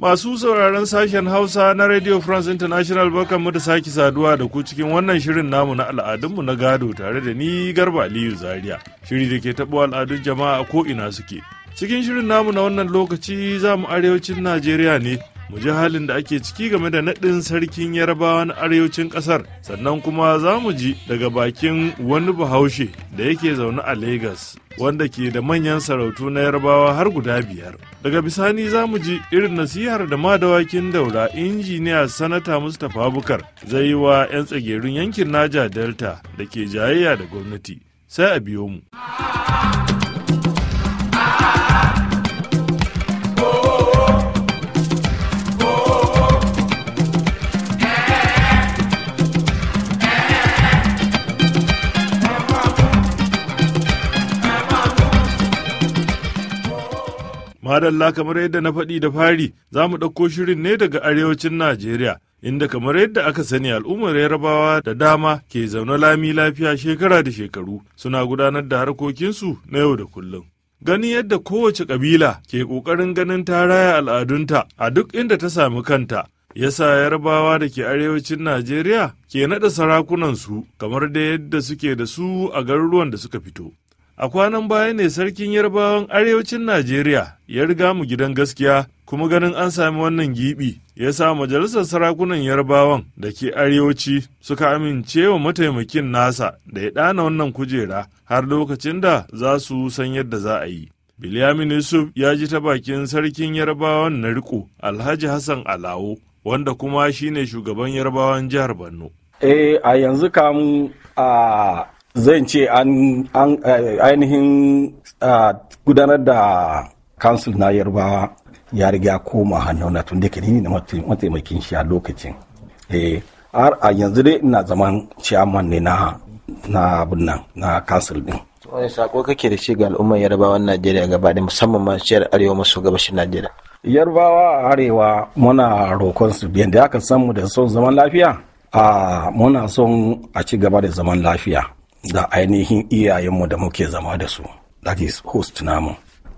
Masu sauraron sashen Hausa na Radio France International mu da sake saduwa da ku cikin wannan shirin namu na al'adunmu na gado tare da ni Garba Aliyu Zaria. Shiri da ke taɓo al'adun jama'a ko ina suke. Cikin shirin namu na wannan lokaci za mu arewacin Najeriya ne mu ji halin da ake ciki game da naɗin sarkin yarbawa na arewacin ƙasar sannan kuma za mu ji daga bakin wani bahaushe da yake zaune a Legas wanda ke da manyan sarautu na yarbawa har guda biyar. Daga bisani za mu ji irin nasihar da madawakin daura injiniya sanata Mustapha Bukar zai yi wa 'yan tsagerun yankin Naja Delta da ke jayayya da gwamnati. Sai a biyo mu. Madalla kamar yadda na faɗi da fari za mu ɗauko shirin ne daga arewacin Najeriya inda kamar yadda aka sani al'ummar yarabawa da dama ke zaune lami lafiya shekara da shekaru suna gudanar da harkokinsu na yau da kullum. Gani yadda kowace ƙabila ke ƙoƙarin ganin ta raya al'adunta a duk inda ta sami kanta yasa yarabawa da ke arewacin Najeriya ke naɗa sarakunansu kamar da yadda suke da su a garuruwan da suka fito. a kwanan baya ne sarkin yarbawan arewacin najeriya ya riga mu gidan gaskiya kuma ganin an sami wannan gibi ya sa majalisar sarakunan yarbawan da ke arewaci suka amince wa mataimakin nasa da ya ɗana wannan kujera har lokacin da za su san yadda za a yi Bilyamin Yusuf ya ji ta bakin sarkin yarbawan na riko Alhaji Hassan Alawo wanda kuma shine shugaban yarbawan jihar Borno. Eh a yanzu kamu a zan ce an eh, ainihin ah, gudanar da kansul na yarba ya riga koma hannun na tun da ni na mataimakin shi a lokacin eh, har a yanzu dai ina zaman ciyaman ne na na abin nan na kansul din wani sako kake da shi ga al'ummar yarbawan najeriya gaba da musamman ma shiyar arewa maso gabashin najeriya yarbawa a arewa muna roƙon su yadda aka san mu da son zaman lafiya a muna son a ci gaba da zaman lafiya da ainihin iyayenmu da muke zama da su that is host namu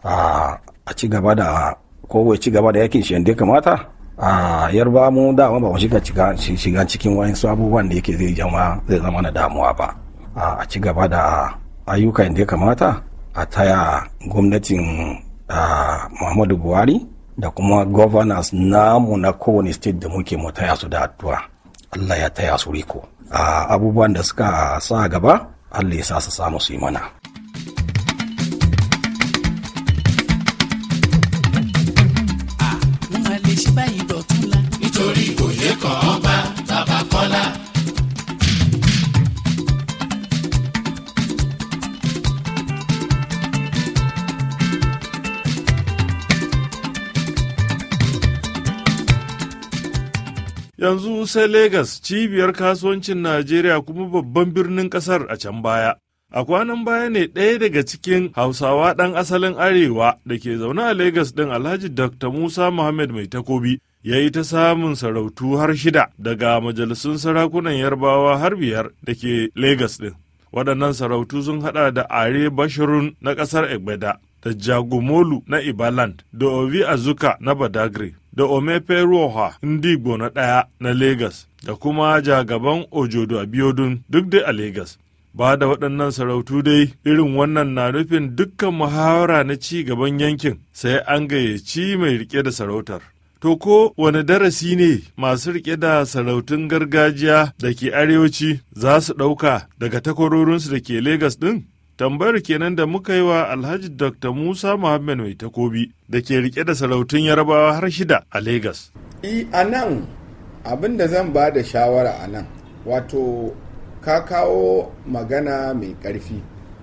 a ci gaba da kowai ci gaba da yakin shi yadda kamata a yarba mu dama ba mu shiga shiga cikin wani abubuwan da yake zai zama zai zama na damuwa ba a ci gaba da ayyuka yadda kamata a taya gwamnatin muhammadu buhari da kuma governors namu na kowane state da muke mu taya su da addu'a allah ya taya su riko abubuwan da suka sa gaba Allah ya sa su samu su yi mana yanzu sai Legas cibiyar kasuwancin Najeriya kuma babban birnin kasar a can baya. A kwanan baya ne ɗaya daga cikin Hausawa ɗan asalin Arewa da ke zaune a Legas ɗin Alhaji Dr. Musa Muhammad Mai Takobi ya yi ta samun sarautu har shida daga majalisun sarakunan Yarbawa har biyar da ke Legas ɗin. Waɗannan sarautu sun haɗa da Are Bashirun na ƙasar Egbeda da Jagomolu na Ibaland da Ovi Azuka na Badagry. da Omefe Roha ndị Igbo na ɗaya na Legas da kuma ja-gaban jagaban Ojodo Abiodun duk dai a Legas. Ba da waɗannan sarautu dai irin wannan na nufin dukkan muhawara na ci gaban yankin sai an gayyaci mai rike da sarautar. To ko wani darasi ne masu rike da sarautun gargajiya da ke arewaci za su ɗauka daga takwarorinsu da ke Legas ɗin? tambayar kenan da muka yi wa alhaji dr musa muhammed mai takobi da ke rike da sarautun yarabawa har shida a lagos i e, a nan abin da zan ba da shawara a nan wato ka kawo magana mai ƙarfi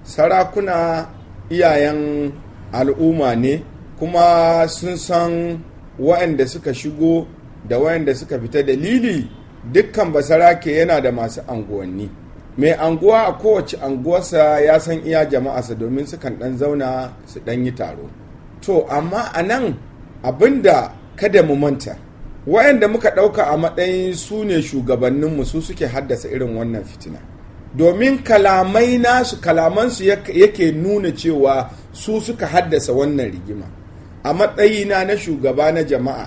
sarakuna iyayen al'umma ne kuma sun san waɗanda suka shigo da waɗanda suka fita dalili dukkan basara ke yana da masu anguwanni mai anguwa a kowace anguwarsa ya san iya jama'arsa domin su kan dan zauna su dan yi taro to amma a nan abinda kada mu manta wayanda muka ɗauka a matsayin su ne shugabanninmu su suke haddasa irin wannan fitina domin kalamai nasu kalamansu yake nuna cewa su suka haddasa wannan rigima a matsayina na shugaba na jama'a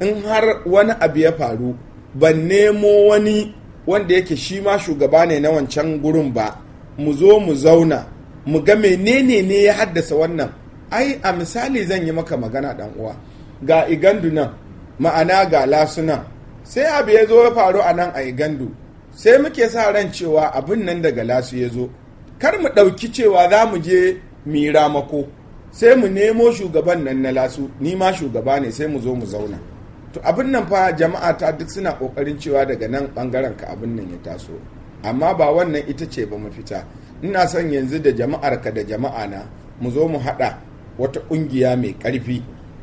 in har wani abu ya faru ban nemo wani wanda yake shi ma shugaba ne na wancan gurin ba mu zo mu zauna mu ga menene ne ya haddasa wannan ai a misali zan yi maka magana dan uwa ga igandu nan ma'ana ga nan sai abu ya zo ya faru a nan a igandu sai muke sa ran cewa abin nan daga lasu ya zo kar mu ɗauki cewa za mu je mira mako sai mu nemo shugaban nan na lasu ni ma shugaba ne sai mu zo mu zauna to abin nan fa jama'a ta duk suna kokarin cewa daga nan bangaren ka abin nan ya taso amma ba wannan ita ce ba mafita ina son yanzu da jama'ar ka da jama'a na mu zo mu hada wata kungiya mai karfi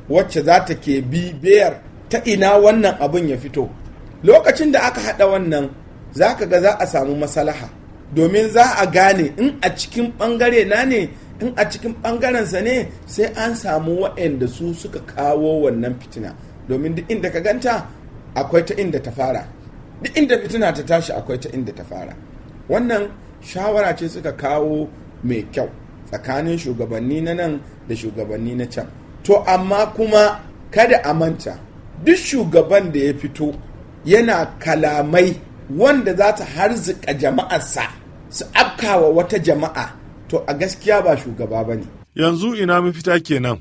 wacce za ta ke biyar ta ina wannan abin ya fito lokacin da aka hada wannan za ka ga za a samu masalaha domin za a gane in a cikin bangare na ne in a cikin bangaren sa ne sai an samu waɗanda su suka kawo wannan fitina domin duk inda ka ganta akwai ta inda ta fara duk inda fitina ta tashi akwai ta inda ta fara wannan shawara ce suka kawo mai kyau tsakanin shugabanni na nan da shugabanni na can to amma kuma kada a manta duk shugaban da ya fito yana kalamai wanda za ta harzika jama'arsa su afkawa wata jama'a to a gaskiya ba shugaba ba ne yanzu ina mafita kenan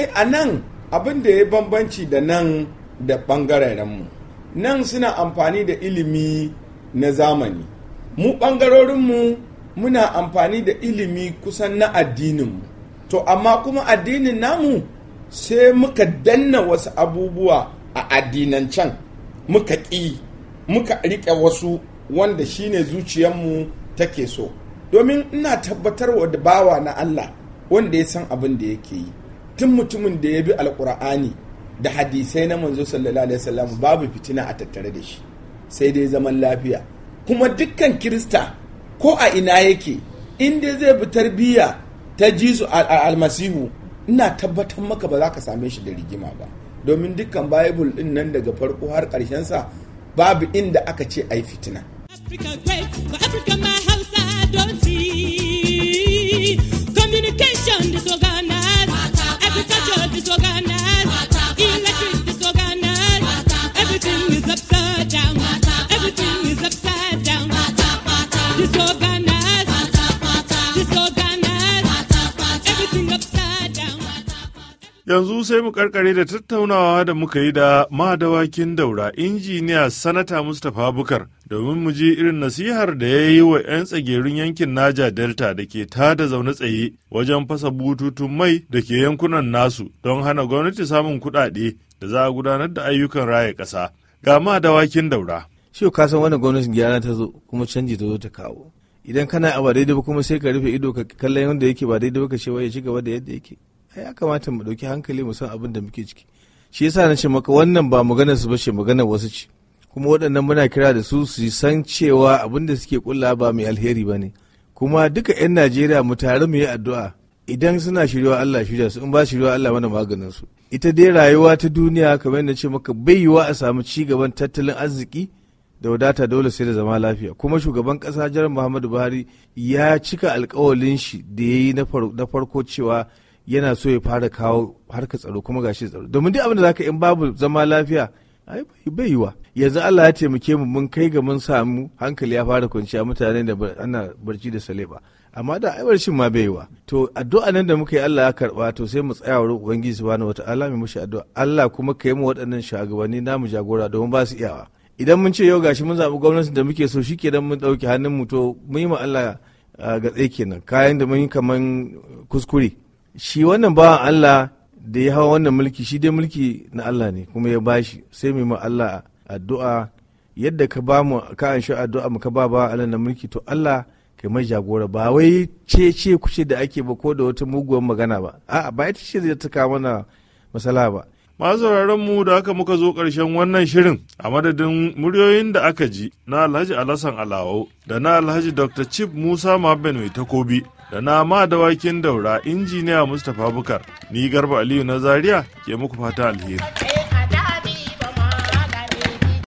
eh a nan abin da ya bambanci da nan da ɓangarenmu nan suna amfani da ilimi na zamani mu ɓangarorinmu muna amfani da ilimi kusan na addininmu to amma kuma addinin namu sai muka danna wasu abubuwa a addinan can muka ƙi muka riƙe wasu wanda shine zuciyarmu take so domin ina tabbatarwa da bawa na Allah wanda ya san abin da yake yi duk mutumin da ya bi alkur'ani da hadisai na manzo sallallahu alaihi wasallam babu fitina a tattare da shi sai dai zaman lafiya kuma dukkan kirista ko a ina yake in dai zai bi tarbiyya ta jisu almasihu ina tabbatar maka ba za ka same shi da rigima ba domin dukkan bible din nan daga farko har karshen sa babu inda aka ce ai fitina Africa, great, Everything is upside down. Everything is upside down. Disorganized. Yanzu sai mu karkare da tattaunawa da muka yi da madawakin daura injiniya sanata Mustapha Bukar domin mu ji irin nasihar da ya yi wa 'yan tsagerun yankin Naja Delta da ke tada zaune tsaye wajen fasa bututun mai da ke yankunan nasu don hana gwamnati samun kuɗaɗe da za a gudanar da ayyukan raya ƙasa. Ga madawakin daura. Shi ka san wani gwamnatin gyara ta zo kuma canji ta zo ta kawo. Idan kana a ba daidai ba kuma sai ka rufe ido ka kallon yadda yake ba daidai ba ka ce ya ci gaba da yadda yake. ya kamata mu ɗauki hankali mu san abin da muke ciki shi yasa na ce maka wannan ba magana su ba ce maganar wasu ce kuma waɗannan muna kira da su su san cewa abin da suke kulla ba mai alheri ba ne kuma duka 'yan najeriya mu tare mu yi addu'a idan suna shirya allah shirya su in ba shirya allah mana maganin su ita dai rayuwa ta duniya kamar yadda ce maka bai yiwa a samu ci gaban tattalin arziki da wadata dole sai da zama lafiya kuma shugaban kasa jiran muhammadu buhari ya cika alkawalin shi da ya yi na farko cewa yana so ya fara kawo harka tsaro kuma gashi tsaro domin duk abin da zaka in babu zama lafiya ai bai yiwa yanzu Allah ya taimake mu mun kai ga mun samu hankali ya fara kwanciya mutanen da ana barci da sale ba amma da ai barcin ma bai yiwa to addu'a nan da muka yi Allah ya karba to sai mu tsaya wurin ubangiji subhanahu wataala mu mushi addu'a Allah kuma kai mu waɗannan shugabanni namu jagora domin ba su iyawa idan mun ce yau gashi mun zabi gwamnatin da muke so shikenan mun ɗauki hannun mu to mu yi ma Allah ah, ga tsaye kenan kayan da mun yi kaman kuskure shi wannan bawan Allah da ya hawa wannan mulki shi dai mulki na Allah ne kuma ya bashi sai mu Allah addu'a yadda ka ba mu ka an shi addu'a mu ka ba ba Allah na mulki to Allah kai mai jagora ba wai ce ce kuce da ake ba ko da wata muguwar magana ba a'a ba ita ce zai ta kawo mana masala ba sauraron mu da aka muka zo karshen wannan shirin a madadin muryoyin da aka ji na alhaji alasan alawo da na alhaji dr chip musa mabenu takobi da nama da wakin daura injiniya mustapha bukar ni garba aliyu na zaria ke muku fata alheri